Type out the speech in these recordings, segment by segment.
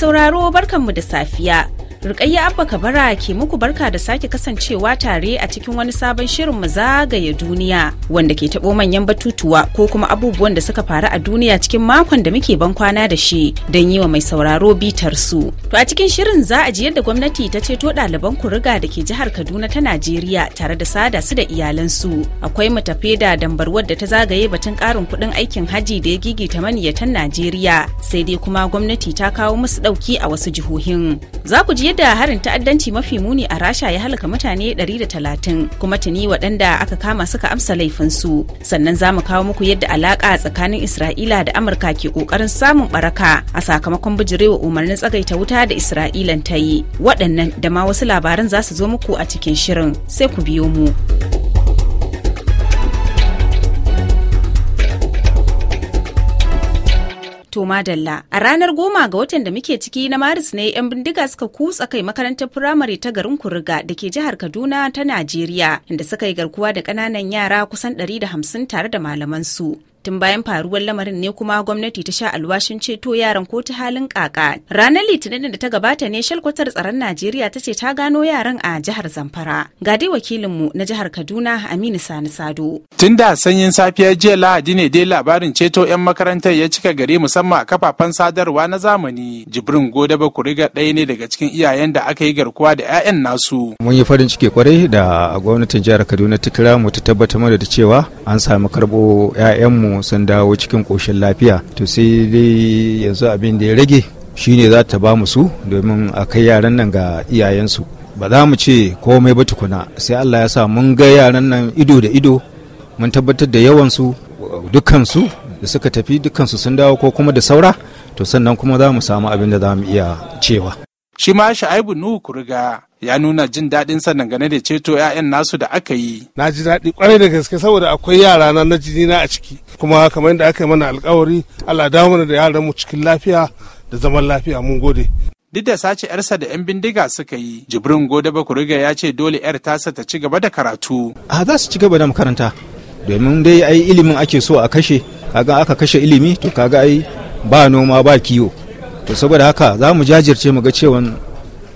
sauraro barkanmu da safiya Rukayya Abba Kabara ke muku barka da sake kasancewa tare a cikin wani sabon shirin mu zagaye duniya wanda ke taɓo manyan batutuwa ko kuma abubuwan da suka faru a duniya cikin makon da muke ban kwana da shi don yi wa mai sauraro bitar su. To a cikin shirin za a ji yadda gwamnati ta ceto ɗaliban kuriga da ke jihar Kaduna ta Najeriya tare da sada su da iyalansu. Akwai mu tafe da dambarwar da ta zagaye batun ƙarin kuɗin aikin hajji da ya gigita maniyatan Najeriya sai dai kuma gwamnati ta kawo musu ɗauki a wasu jihohin. Za ku ji yadda harin ta'addanci mafi muni a rasha ya halaka mutane 130 kuma tuni waɗanda aka kama suka amsa laifinsu sannan za mu kawo muku yadda alaƙa tsakanin isra'ila da amurka ke ƙoƙarin samun ɓaraka a sakamakon bijirewa umarnin tsagaita wuta da isra'ilan ta yi waɗannan da ma wasu labaran za su zo muku a cikin shirin sai ku biyo mu. To madalla a ranar goma ga watan da muke ciki na Maris ne 'yan bindiga suka kutsa kai makarantar firamare ta garin Kuriga da ke jihar Kaduna ta Najeriya inda suka yi garkuwa da ƙananan yara kusan 150 tare da malaman su. tun bayan faruwar lamarin ne kuma gwamnati ta sha alwashin ceto yaran ko ta halin kaka ranar litinin da ta gabata ne shalkwatar tsaron najeriya ta ce ta gano yaran a jihar zamfara ga dai wakilinmu na jihar kaduna aminu sani sado tun da sanyin safiyar jiya lahadi ne dai labarin ceto yan makarantar ya cika gari musamman a kafafen sadarwa na zamani jibrin goda bakuriga ɗaya ne daga cikin iyayen da aka yi garkuwa da 'ya'yan nasu mun yi farin ciki kwarai da gwamnatin jihar kaduna ta kira mu ta tabbatar mana da cewa an sami karɓo 'ya'yanmu sun dawo cikin koshin lafiya to sai dai yanzu abin da ya rage shine za ta ba su domin a kai yaran nan ga iyayensu ba za mu ce komai ba tukuna sai allah ya sa mun ga yaran nan ido da ido mun tabbatar da yawansu dukansu da suka tafi dukansu sun dawo ko kuma da saura to sannan kuma za mu samu abin da za mu iya cewa shi ma sha'aibu nuhu kuriga ya nuna jin daɗin sa dangane da ceto 'ya'yan nasu da aka yi. Na ji daɗi kwarai da gaske saboda akwai yara na na jini na a ciki kuma kamar da aka yi mana alkawari Allah dawo mana da yaran mu cikin lafiya da zaman lafiya mun gode. Duk da sace 'yarsa da 'yan bindiga suka yi, Jibrin Gode ba Kuriga ya ce dole 'yar tasa ta ci gaba da karatu. A za su ci gaba da makaranta, domin dai ai ilimin ake so a kashe, kaga aka kashe ilimi to kaga ai ba noma ba kiwo. to saboda haka za mu jajirce mu ga cewa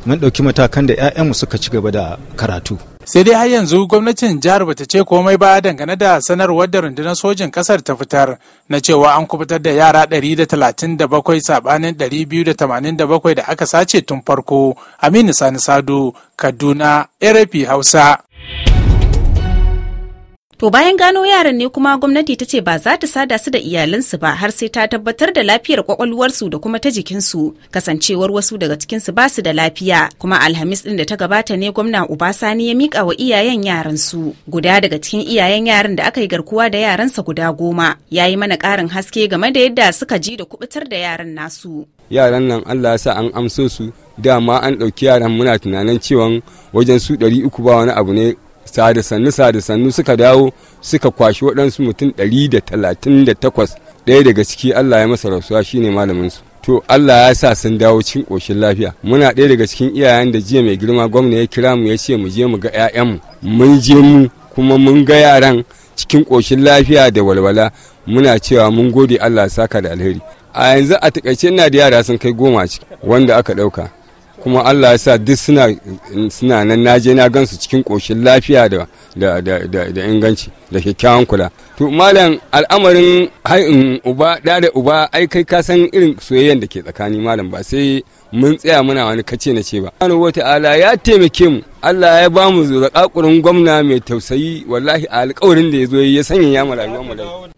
mun ɗauki matakan da 'ya'yanmu suka ci gaba da karatu sai dai har yanzu gwamnatin jihar bata ce komai ba dangane da sanarwar da rundunar sojin kasar ta fitar na cewa an kubutar da yara 137 sabanin 287 da aka sace tun farko aminu sani sado kaduna rfi hausa To bayan gano yaran ne kuma gwamnati ta ce ba za ta sada su da iyalansu ba har sai ta tabbatar da lafiyar kwakwalwarsu da kuma ta jikinsu kasancewar wasu daga cikinsu ba su da lafiya kuma alhamis din da ta gabata ne gwamna Ubasani ya mika wa iyayen yaran su guda daga cikin iyayen yaran da aka yi garkuwa da yaransa guda goma ya yi mana karin haske game da yadda suka ji da kubutar da yaran nasu. Yaran nan Allah ya sa an amso su dama an ɗauki yaran muna tunanin cewa wajen su ɗari ba wani abu ne sada sannu sa sannu suka dawo suka kwashi waɗansu mutum ɗari da talatin da takwas ɗaya daga ciki allah ya masa rasuwa shine malaminsu to Allah ya sa sun dawo cikin ƙoshin lafiya muna ɗaya daga cikin iyayen da jiya mai girma gwamna ya kira mu ya ce mu je mu ga 'ya'yanmu mun je mu kuma mun ga yaran cikin ƙoshin lafiya da walwala muna cewa mun gode Allah saka da alheri a yanzu a takaice ina da yara sun kai goma ciki wanda aka ɗauka kuma allah ya sa duk suna nan naje na gansu cikin ƙoshin lafiya da inganci da kyakkyawan kula to malam al'amarin hain uba da da uba ai kai ka san irin soyayyen da ke tsakani malam ba sai mun tsaya muna wani kace na ce ba wata ala ya taimake mu Allah ya bamu zuraƙaƙurin gwamna mai tausayi wallahi a alƙawarin da ya zo ya sanya ya mu rayuwar mu da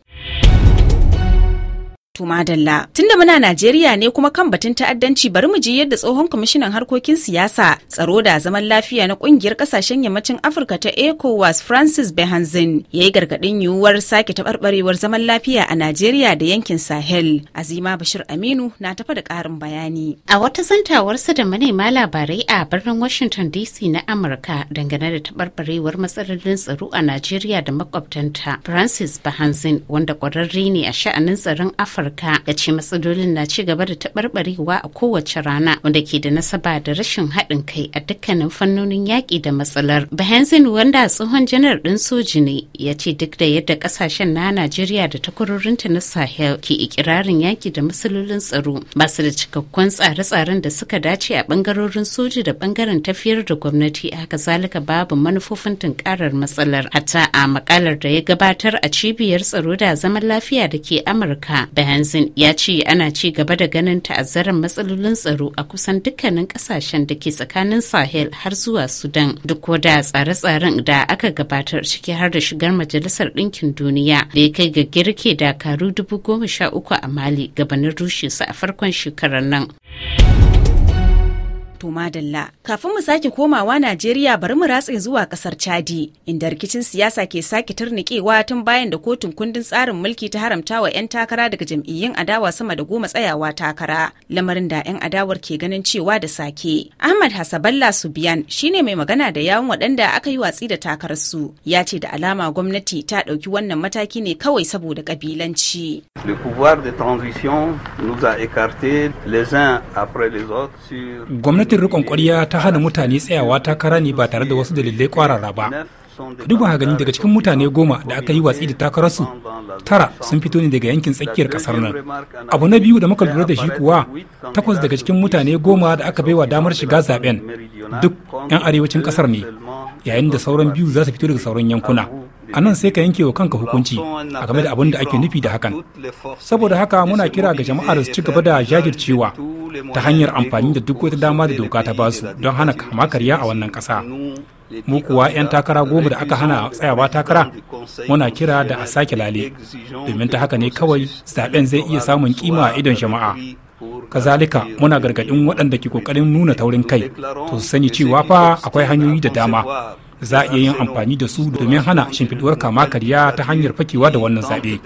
Tumadalla. tunda muna Najeriya ne kuma kan batun ta'addanci bari mu ji yadda tsohon kwamishinan harkokin siyasa tsaro da zaman lafiya na kungiyar kasashen yammacin Afirka ta ECOWAS Francis Behanzin ya yi gargaɗin yiwuwar sake taɓarɓarewar zaman lafiya a Najeriya da yankin Sahel. Azima Bashir Aminu na tafa da ƙarin bayani. A wata zantawarsa da manema labarai a birnin Washington DC na Amurka dangane da taɓarɓarewar matsalolin tsaro a Najeriya da makwabtanta Francis Behanzin wanda ƙwararre ne a sha'anin tsaron Afirka Amurka ya ce matsalolin na ci gaba da taɓarɓarewa a kowace rana wanda ke da nasaba da rashin haɗin kai a dukkanin fannonin yaƙi da matsalar. Bahanzin wanda tsohon janar ɗin soji ne ya ce duk da yadda ƙasashen na Najeriya da takwarorinta na Sahel ke ikirarin yaƙi da matsalolin tsaro ba su da cikakkun tsare-tsaren da suka dace a ɓangarorin soji da ɓangaren tafiyar da gwamnati haka zalika babu manufofin tunkarar matsalar. Hatta a makalar da ya gabatar a cibiyar tsaro da zaman lafiya da ke Amurka. Tenzin ya ce ana ci gaba da ganin ta'azzarar matsalolin tsaro a kusan dukkanin kasashen da ke tsakanin Sahel har zuwa Sudan duk da tsare-tsaren da aka gabatar ciki har da shigar Majalisar Ɗinkin Duniya da ya kai ga girke dakaru dubu goma sha uku a Mali gabanin rushe su a farkon shekarar nan. To madalla. Kafin mu sake komawa Najeriya bari mu ratse zuwa kasar Chadi, inda rikicin siyasa ke sake turnikewa tun bayan da kotun kundin tsarin mulki ta haramta wa 'yan takara daga jam'iyyun adawa sama da goma tsayawa takara, lamarin da 'yan adawar ke ganin cewa da sake. Ahmad Hasaballa Subiyan shine mai magana da yawun waɗanda aka yi watsi da takararsu, ya ce da alama gwamnati ta ɗauki wannan mataki ne kawai saboda ƙabilanci. Le pouvoir de transition nous a écarté les uns après les autres sur gwamnatin rikon ƙwarya ta hana mutane tsayawa takara ne ba tare da wasu dalilai kwarara ba duk ba gani daga cikin mutane goma da aka yi watsi da takararsu tara sun fito ne daga yankin tsakiyar kasar nan abu na biyu da muka lura da shi kuwa takwas daga cikin mutane goma da aka baiwa damar shiga zaben duk 'yan arewacin kasar ne yayin da sauran biyu za su fito daga sauran yankuna a nan sai ka yanke wa kanka hukunci a game da abin da ake nufi da hakan saboda haka muna kira ga jama'a da su ci gaba da jajircewa ta hanyar amfani da duk wata dama da doka ta basu don hana kama karya a wannan kasa. mu kuwa 'yan takara goma da aka hana tsayawa takara muna kira da a sake lale domin ta haka ne kawai zaben zai iya samun kima a idon jama'a kazalika muna gargaɗin waɗanda ke ƙoƙarin nuna taurin kai to su sani cewa fa akwai hanyoyi da dama za a iya yin amfani da su domin hana shimfiduwar kama karya ta hanyar fakewa da wannan zaɓe.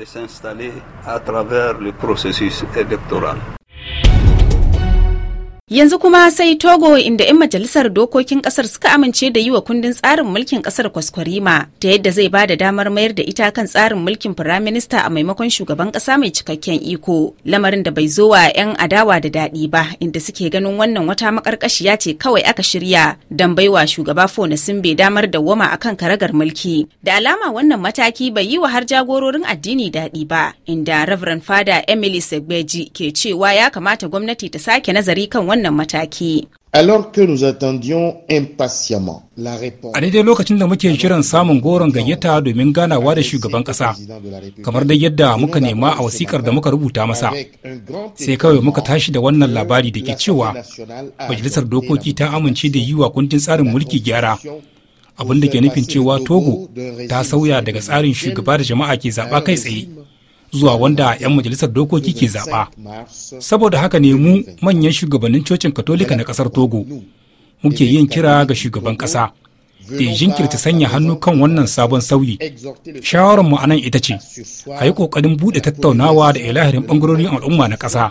Yanzu kuma sai Togo inda 'yan majalisar dokokin kasar suka amince da yi wa kundin tsarin mulkin kasar kwaskwarima ta yadda zai ba da damar mayar da ita kan tsarin mulkin firaminista a maimakon shugaban kasa mai cikakken iko lamarin da bai zo wa 'yan adawa da daɗi ba inda suke ganin wannan wata makarkashiya ce kawai aka shirya don wa shugaba Fona Simbe damar dawwama kan karagar mulki. Da alama wannan mataki bai yi wa har jagororin addini daɗi ba inda Reverend Fada Emily Segbeji ke cewa ya kamata gwamnati ta sake nazari kan wannan wannan mataki. A daidai lokacin da muke shirin samun goron gayyata domin ganawa da shugaban kasa, kamar dai yadda muka nema a wasikar da muka rubuta masa, sai kawai muka tashi da wannan labari da ke cewa Majalisar Dokoki ta amince da yi wa kundin tsarin mulki gyara. abin da ke nufin cewa togo ta sauya daga tsarin shugaba da jama'a ke zaɓa kai tsaye zuwa wanda 'yan majalisar dokoki ke zaɓa. Saboda haka ne mu manyan shugabannin cocin katolika na ƙasar Togo muke yin kira ga shugaban ƙasa da ya jinkirta sanya hannu kan wannan sabon sauyi. Shawararmu a nan ita ce, a yi ƙoƙarin buɗe tattaunawa da ilahirin ɓangarorin al'umma na ƙasa.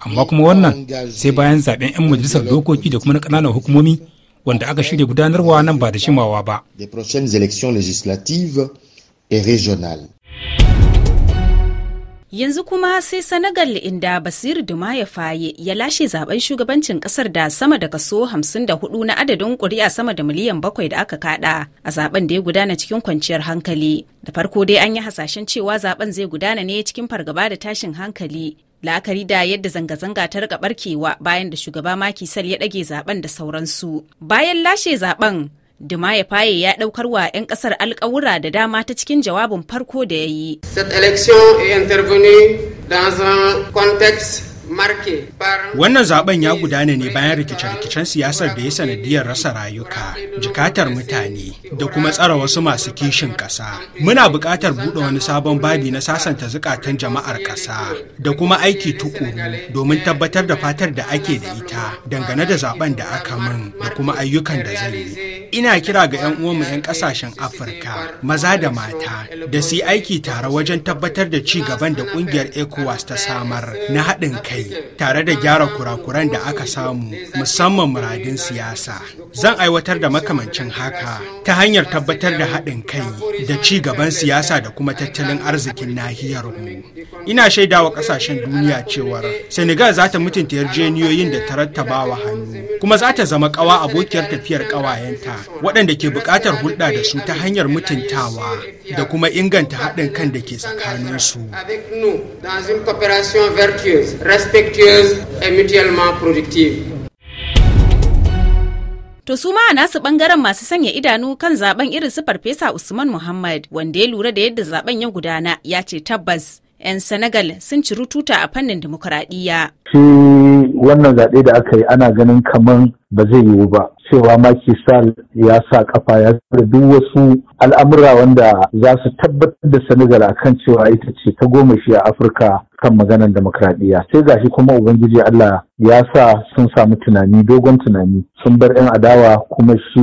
Amma kuma wannan sai bayan zaɓen 'yan majalisar dokoki da kuma na ƙananan hukumomi wanda aka shirya gudanarwa nan ba da shimawa ba. Yanzu kuma sai Senegal inda Basir ya Faye ya lashe zaben shugabancin kasar da sama da kaso 54 na adadin kuri'a sama da miliyan bakwai da aka kada a zaben da ya gudana cikin kwanciyar hankali. Da farko dai an yi hasashen cewa zaben zai gudana ne cikin fargaba da tashin hankali. La'akari da yadda zanga-zanga ta rika barkewa bayan da shugaba makisal sal ya ɗage zaben da sauransu. Bayan lashe zaben, Dumaye Faye ya ɗaukar wa 'yan ƙasar alkawura da dama ta cikin jawabin farko da ya yi. Cette élection est intervenue dans un contexte Wannan zaben ya gudana ne bayan rikice-rikicen siyasar da ya sanadiyar rasa rayuka, jikatar mutane da kuma tsara wasu masu kishin ƙasa. Muna buƙatar buɗe wani sabon babi na sasanta zukatan jama'ar ƙasa da kuma aiki tukuru domin tabbatar da fatar da ake da ita dangane da zaben da aka min da kuma ayyukan da zan yi. Ina kira ga 'yan uwanmu 'yan ƙasashen Afirka, maza da mata, da su aiki tare wajen tabbatar da ci gaban da ƙungiyar ECOWAS ta samar na haɗin kai aka tare da gyara kurakuran da aka samu musamman muradin siyasa zan aiwatar da makamancin haka ta hanyar tabbatar da haɗin kai da ci gaban siyasa da kuma tattalin arzikin nahiyar mu ina shaidawa ƙasashen duniya cewar senegal za ta mutunta yarjejeniyoyin da ta rattabawa hannu kuma za ta zama kawa abokiyar tafiyar kawayenta waɗanda ke buƙatar hulɗa da su ta hanyar mutuntawa da kuma inganta haɗin kan da ke tsakaninsu. To su ma a nasu ɓangaren masu sanya idanu kan zaben irin su Farfesa Usman Muhammad wanda ya lura da yadda zaben ya gudana ya ce tabbas 'yan Senegal sun ci tuta a fannin dimokuraɗiyya. Shi wannan zaɓe da aka yi ana ganin kamar ba zai yiwu ba. cewa Macky Sall ya sa kafa ya sa duk wasu al'amura wanda za su tabbatar da Senegal a kan cewa ita ce ta goma shi a Afirka kan maganar demokradiyya sai gashi kuma ubangiji Allah ya sa sun samu tunani dogon tunani sun bar 'yan adawa kuma shi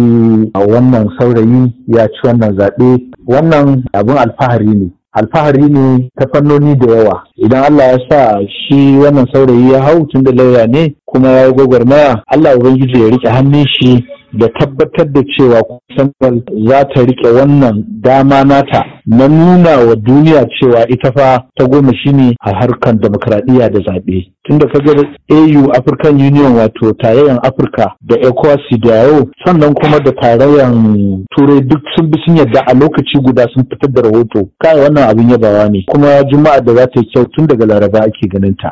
a wannan saurayi ya ci wannan zaɓe wannan abin alfahari ne alfahari ne ta fannoni da yawa idan Allah ya sa shi wannan saurayi ya hau tun da lauya ne kuma ya yi gwagwarmaya Allah Ubangiji ya rike hannun shi da tabbatar da cewa Senegal za ta rike wannan dama nata na nuna wa duniya cewa ita fa ta goma shine a harkar demokradiyya da zaɓe. Tunda kaga AU African Union wato tarayyar Afirka da ECOWAS da yau, sannan kuma da tarayyar Turai duk sun bi sun yadda a lokaci guda sun fitar da rahoto. Kai wannan abin yabawa ne kuma juma'a da za ta yi kyau tun daga Laraba ake ganin ta.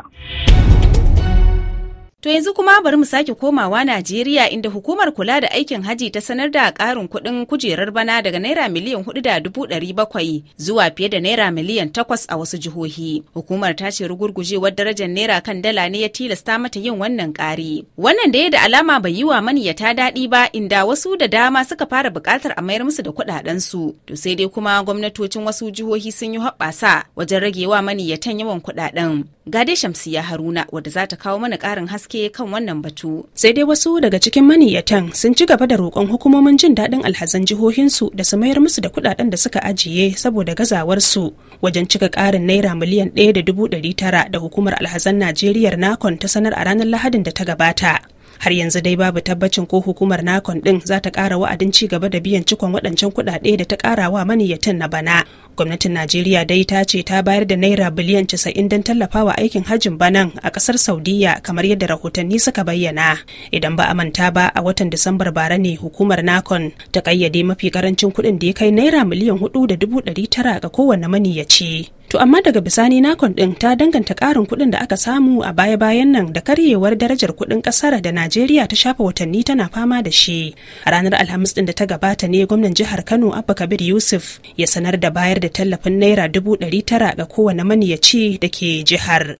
To yanzu kuma bari mu sake komawa Najeriya inda hukumar kula da aikin haji ta sanar da ƙarin kuɗin kujerar bana daga naira miliyan hudu da dubu ɗari bakwai zuwa fiye da naira miliyan takwas a wasu jihohi. Hukumar ta ce rugurgujewar darajar naira kan dala ne ya tilasta mata yin wannan ƙari. Wannan da ya da alama bai yi wa maniyata daɗi ba inda wasu da dama suka fara buƙatar a mayar musu da kuɗaɗensu. To sai dai kuma gwamnatocin wasu jihohi sun yi haɓasa wajen rage wa maniyatan yawan kuɗaɗen. Gade Shamsiya Haruna wadda za ta kawo mana ƙarin haske kan wannan batu. Sai dai wasu daga cikin maniyyatan sun ci gaba da roƙon hukumomin jin daɗin alhazan jihohinsu da su mayar musu da kuɗaɗen da suka ajiye saboda gazawarsu wajen cika ƙarin naira miliyan ɗaya da dubu ɗari tara da hukumar alhazan Najeriya Nakon ta sanar a ranar Lahadin da ta gabata. har yanzu dai babu tabbacin ko hukumar nakon din za ta ƙara wa'adin ci gaba da biyan cikon waɗancan kuɗaɗe da ta ƙara wa maniyyatin na bana gwamnatin najeriya dai ta ce ta bayar da naira biliyan casa'in don tallafawa aikin hajjin banan a ƙasar saudiya kamar yadda rahotanni suka bayyana idan ba a manta ba a watan disambar bara ne hukumar nakon ta ƙayyade mafi ƙarancin kuɗin da ya kai naira miliyan hudu da dubu tara ga kowane maniyyaci To amma daga bisani nakon ɗin ta danganta ƙarin kuɗin da aka samu a baya-bayan nan da karyewar darajar kuɗin ƙasar da Najeriya ta shafa watanni tana fama da shi. A ranar Alhamis ɗin da ta gabata ne gwamnan jihar Kano Abba Kabir Yusuf ya sanar da bayar da tallafin naira dubu ɗari tara ga kowane maniyaci da ke jihar.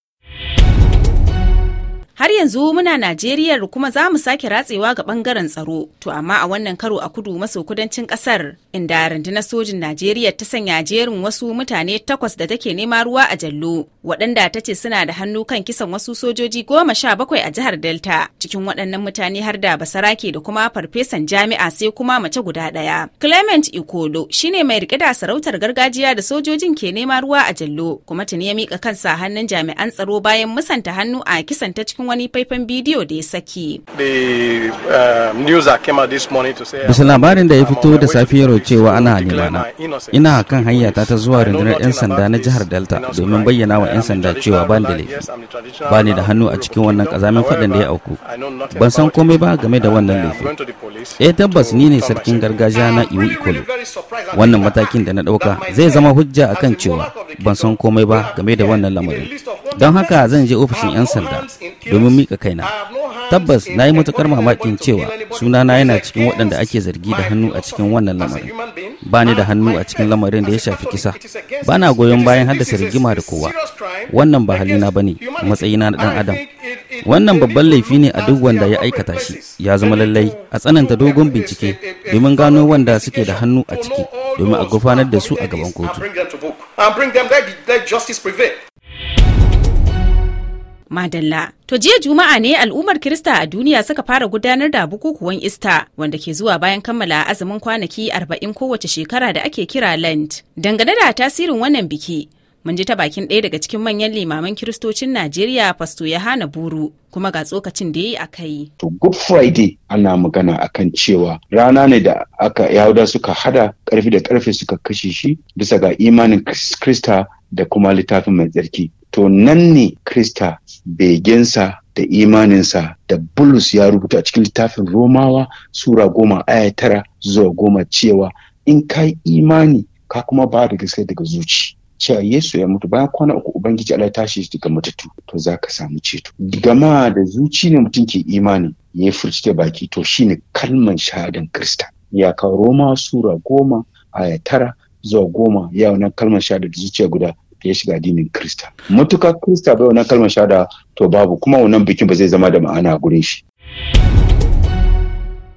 Har yanzu muna Najeriya kuma za mu sake ratsewa ga bangaren tsaro, to amma a wannan karo a kudu maso kudancin kasar, inda rundunar sojin Najeriya ta sanya jerin wasu mutane takwas da take nema ruwa a jallo, waɗanda ta ce suna da hannu kan kisan wasu sojoji goma sha bakwai a jihar Delta, cikin waɗannan mutane har da basarake da kuma farfesan jami'a sai kuma mace guda ɗaya. Clement Ikolo shine mai riƙe da sarautar gargajiya da sojojin ke nema ruwa a jallo, kuma tuni ya miƙa kansa hannun jami'an tsaro bayan musanta hannu a kisan ta cikin wani faifan bidiyo da ya saki. Um, Bisa labarin da ya fito um, da safiyar cewa ana nemana, ina kan hanyata ta zuwa rundunar 'yan sanda na jihar Delta domin bayyana wa 'yan sanda cewa ban da laifi. Ba ni da hannu a cikin wannan kazamin faɗin da ya auku. Ban san komai ba game da wannan uh, laifi. Eh tabbas ni ne sarkin gargajiya na Iwu Ikolo. Wannan matakin da na ɗauka zai zama hujja akan cewa ban san komai ba game da wannan lamarin. Don haka zan je ofishin 'yan sanda domin mika kaina tabbas na yi matukar mamakin cewa sunana yana cikin waɗanda ake zargi da hannu a cikin wannan lamarin ba ni da hannu a cikin lamarin da ya shafi kisa ba na goyon bayan haddasa rigima da kowa wannan ba halina ba ne matsayina na ɗan adam wannan babban laifi ne a duk wanda ya aikata shi ya zama lallai a tsananta dogon bincike domin gano wanda suke da hannu a ciki domin a gufanar da su a gaban kotu Madalla. To jiya Juma'a ne al'ummar Kirista a duniya suka fara gudanar da bukukuwan Ista wanda ke zuwa bayan kammala azumin kwanaki arba'in kowace shekara da ake kira Lent. Dangane da tasirin wannan biki, mun ji ta bakin ɗaya daga cikin manyan limaman kiristocin Najeriya Fasto Yahana Buru kuma ga tsokacin da ya yi a kai. To Good Friday ana magana akan cewa rana ne da aka Yahuda suka hada karfi da karfe suka kashe shi bisa ga imanin Krista da kuma littafin mai tsarki. to nan ne krista begensa da imaninsa da bulus ya rubuta a cikin littafin romawa sura goma aya tara zuwa goma cewa in ka yi imani ka kuma ba da gaske daga zuci cewa Yesu ya mutu bayan kwana uku Ubangiji Allah ya tashi shi daga matattu to za ka samu ceto. Gama da zuci ne mutum ke imani ya furci da baki to shine kalman shahadan Kirista. Ya kawo Roma Sura goma aya tara zuwa goma ya wannan kalmar shahada zuciya guda ya shiga addinin kirista. Mutuka kirista bai wannan kalmar shada to babu kuma wannan bikin ba zai zama da ma'ana a gurin shi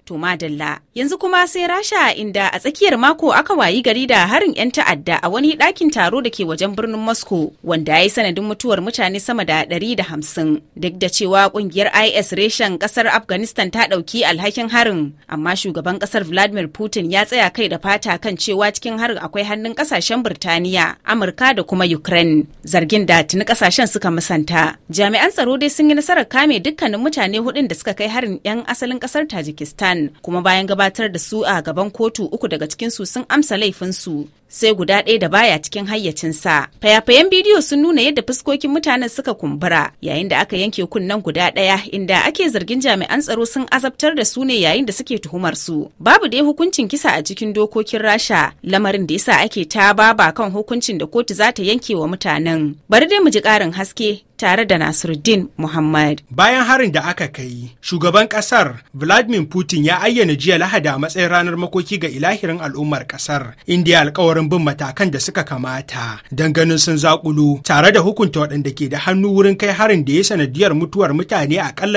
To madalla. Yanzu kuma sai Rasha inda a tsakiyar mako aka wayi gari da harin 'yan ta'adda a wani ɗakin taro da ke wajen birnin Moscow wanda ya yi sanadin mutuwar mutane sama da 150. Duk da cewa kungiyar IS reshen kasar Afghanistan ta ɗauki alhakin harin, amma shugaban ƙasar Vladimir Putin ya tsaya kai da fata kan cewa cikin harin akwai hannun ƙasashen Birtaniya, Amurka da kuma Ukraine. Zargin da tuni kasashen suka musanta. Jami'an tsaro dai sun yi nasarar kame dukkanin mutane hudun da suka kai harin 'yan asalin ƙasar Tajikistan. Iran kuma bayan gabatar da su a gaban kotu uku daga cikin su sun amsa laifinsu sai guda ɗaya da baya cikin hayyacinsa. Fayafayen bidiyo sun nuna yadda fuskokin mutanen suka kumbura yayin da aka yanke kunnen guda ɗaya inda ake zargin jami'an tsaro sun azabtar da su ne yayin da suke tuhumar su. Babu dai hukuncin kisa a cikin dokokin Rasha lamarin da yasa ake ta baba kan hukuncin da kotu za ta yanke wa mutanen. Bari dai mu ji ƙarin haske tare da Nasiruddin Muhammad. Bayan harin da aka kai, shugaban kasar Vladimir Putin ya ayyana jiya Lahadi a matsayin ranar makoki ga ilahirin al'ummar kasar. indiya alkawarin ƙoƙarin bin matakan da suka kamata don ganin sun zaƙulu tare da hukunta waɗanda ke da hannu wurin kai harin da ya sanadiyar mutuwar mutane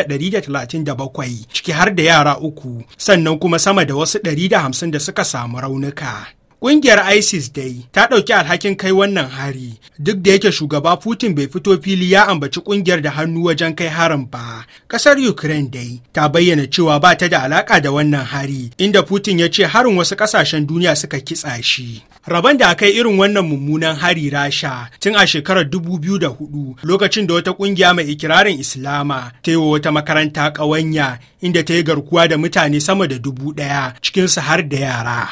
ɗari da talatin da bakwai ciki har da yara uku sannan kuma sama da wasu ɗari da hamsin da suka samu raunuka. Ƙungiyar ISIS dai ta ɗauki alhakin kai wannan hari duk da yake shugaba Putin bai fito fili ya ambaci ƙungiyar da hannu wajen kai harin ba. Ƙasar Ukraine dai ta bayyana cewa ba ta da alaƙa da wannan hari inda Putin ya ce harin wasu ƙasashen duniya suka kitsa shi. Rabon da aka yi irin wannan mummunan hari rasha tun a shekarar 2004 lokacin da wata ƙungiya mai ikirarin Islama ta yi wa wata makaranta ƙawanya inda ta yi garkuwa da mutane sama da dubu ɗaya cikinsu har da yara.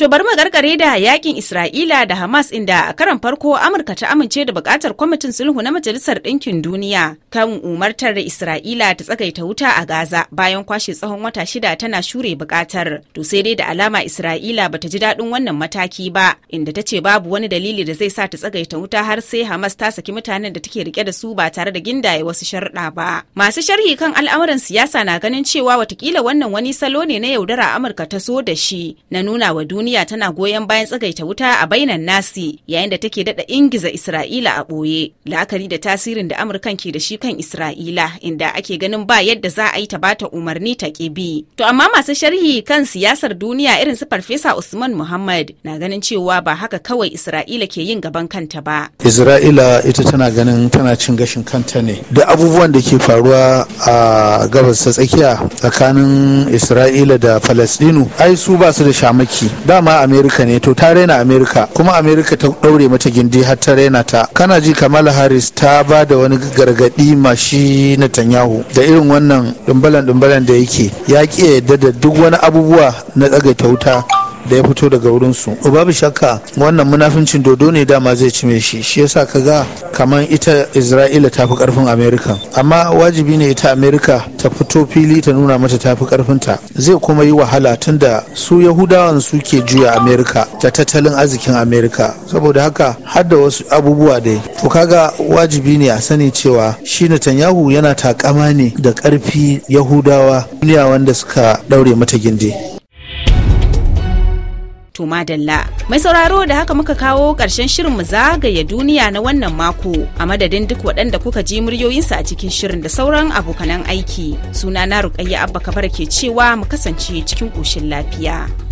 To bari mu gargare da yakin Isra'ila da Hamas inda a karan farko Amurka ta amince da bukatar kwamitin sulhu na Majalisar Ɗinkin Duniya kan umartar da Isra'ila ta tsagaita wuta a Gaza bayan kwashe tsawon wata shida tana shure bukatar. To sai dai da alama Isra'ila bata ji daɗin wannan mataki ba inda ta ce babu wani dalili da zai sa ta tsagaita wuta har sai Hamas ta saki mutanen da take rike da su ba tare da gindaye wasu sharɗa ba. Masu sharhi kan al'amuran siyasa na ganin cewa watakila wannan wani salo ne na yaudara Amurka ta so da shi na nuna wa duniya duniya tana goyon bayan tsagaita wuta a bainan nasi yayin da take dada ingiza Isra'ila a ɓoye. La'akari da tasirin da Amurkan ke da shi kan Isra'ila inda ake ganin ba yadda za a yi ta bata umarni ta bi. To amma masu sharhi kan siyasar duniya irin su Farfesa Usman Muhammad na ganin cewa ba haka kawai Isra'ila ke yin gaban kanta ba. Isra'ila ita tana ganin tana cin gashin kanta ne. Da abubuwan da ke faruwa a gabas ta tsakiya tsakanin Isra'ila da Falasɗinu ai su ba su da shamaki. Da dama america ne to ta raina amerika kuma amerika ta daure mata gindi har ta raina ta kana ji kamala harris ta ba da wani gargadi mashi netanyahu da irin wannan dumbalan dumbalan da yake ya ki yadda da duk wani abubuwa na tsagaita wuta da ya fito daga wurin su babu shakka wannan munafincin dodo ne dama zai cime shi shi yasa ka ga. kamar ita Isra'ila ta fi karfin Amerika amma wajibi ne ita Amerika ta fito fili ta nuna mata ta fi karfin ta zai kuma yi wahala tun da su Yahudawan suke juya Amerika da tattalin arzikin Amerika saboda haka har da wasu abubuwa dai to kaga wajibi ne a sani cewa shi Netanyahu yana takama ne da karfi Yahudawa duniya wanda suka daure mata gindi To madalla. Mai sauraro da haka muka kawo ƙarshen shirin mu zagaya duniya na wannan mako a madadin duk waɗanda kuka ji muryoyinsu a cikin shirin da sauran abokanan aiki. Suna na Rukayya Abba Kabara ke cewa mu kasance cikin ƙoshin lafiya.